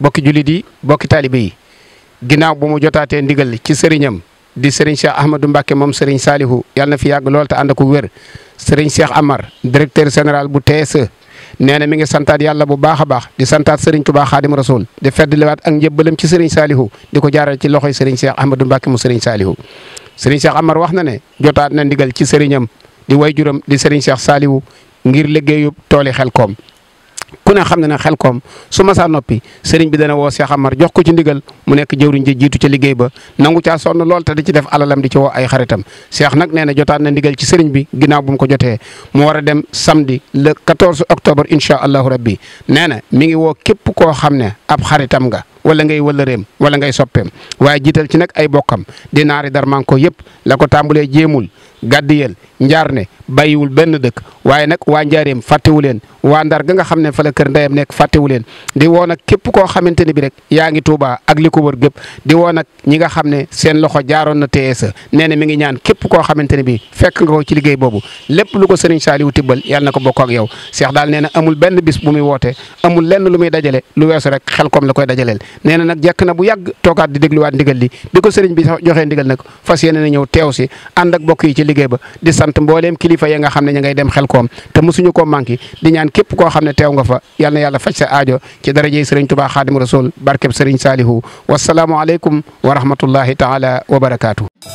bokki jullit yi bokki taalibe yi ginnaaw bu mu jotaatee ndigal ci sëriñam di sëriñ Cheikh Ahmadou Mbacke moom sëriñ Salihu yàlla na fi yàgg lool te ànd ko wér sëriñ Cheikh Amar directeur général bu TSE nee na mi ngi santaat yàlla bu baax a baax di santaat sëriñ Touba Xaadim Rasul di feddliwaat ak njëbbalam ci sëriñ Salihu di ko jaaral ci loxoy sëriñ Cheikh Ahmadou Mbacke mu sëriñ Salihu sëriñ Cheikh Amar wax na ne jotaat na ndigal ci sëriñam di wayjuram di sëriñ Cheikh Salihu ngir liggéeyub tooli xel koom ku ne xam ne na xel koom su masaa noppi sëriñ bi dana woo Cheikh Amar jox ko ci ndigal mu nekk jëwriñ ji jiitu ca liggéey ba nangu caa sonn lool te di ci def alalam di ci woo ay xaritam Cheikh nag nee na jotaan na ndigal ci sëriñ bi ginnaaw bu mu ko jotee mu war a dem samedi le 14 octobre incha allahu rabbi nee na mi ngi woo képp koo xam ne ab xaritam nga. wala ngay wëllëreem wala ngay soppeem waaye jiital ci nag ay bokkam di naari darman ko yëpp la ko tàmbulee jéemul gàddiyel njaarne bàyyiwul benn dëkk waaye nag waa njaareem fàttewu leen waa ndar ga nga xam ne fa la kër ndeyam nekk fàttewu leen di woo nag képp koo xamante ne bi rek yaa ngi Tuuba ak li ko war gépp di woo nag ñi nga xam ne seen loxo jaaroon na téye sa nee na mi ngi ñaan képp koo xamante ne bi fekk nga ko ci liggéey boobu lépp lu ko sëriñ Saaliwu tibbal yàlla na ko bokk ak yow Cheikh daal nee na amul benn bis bu muy woote amul lenn lu muy dajale lu weesu rek xel koom la koy dajaleel nee na nag jekk na bu yàgg toogaat di dégluwaat ndigal li di ko sëriñ bi joxee na ñëw teew si liggéey ba di sant mbooleem kilifa ya nga xam ne ñu ngay dem xel koom te mosuñu koo manqué di ñaan képp koo xam ne teew nga fa yal na faj sa aajo ci darajey sëriñ Tuubaa Xaadimu Rasuul barkeb sëriñ Saalihu wasalaamu aleykum wa rahmatullahi taala wa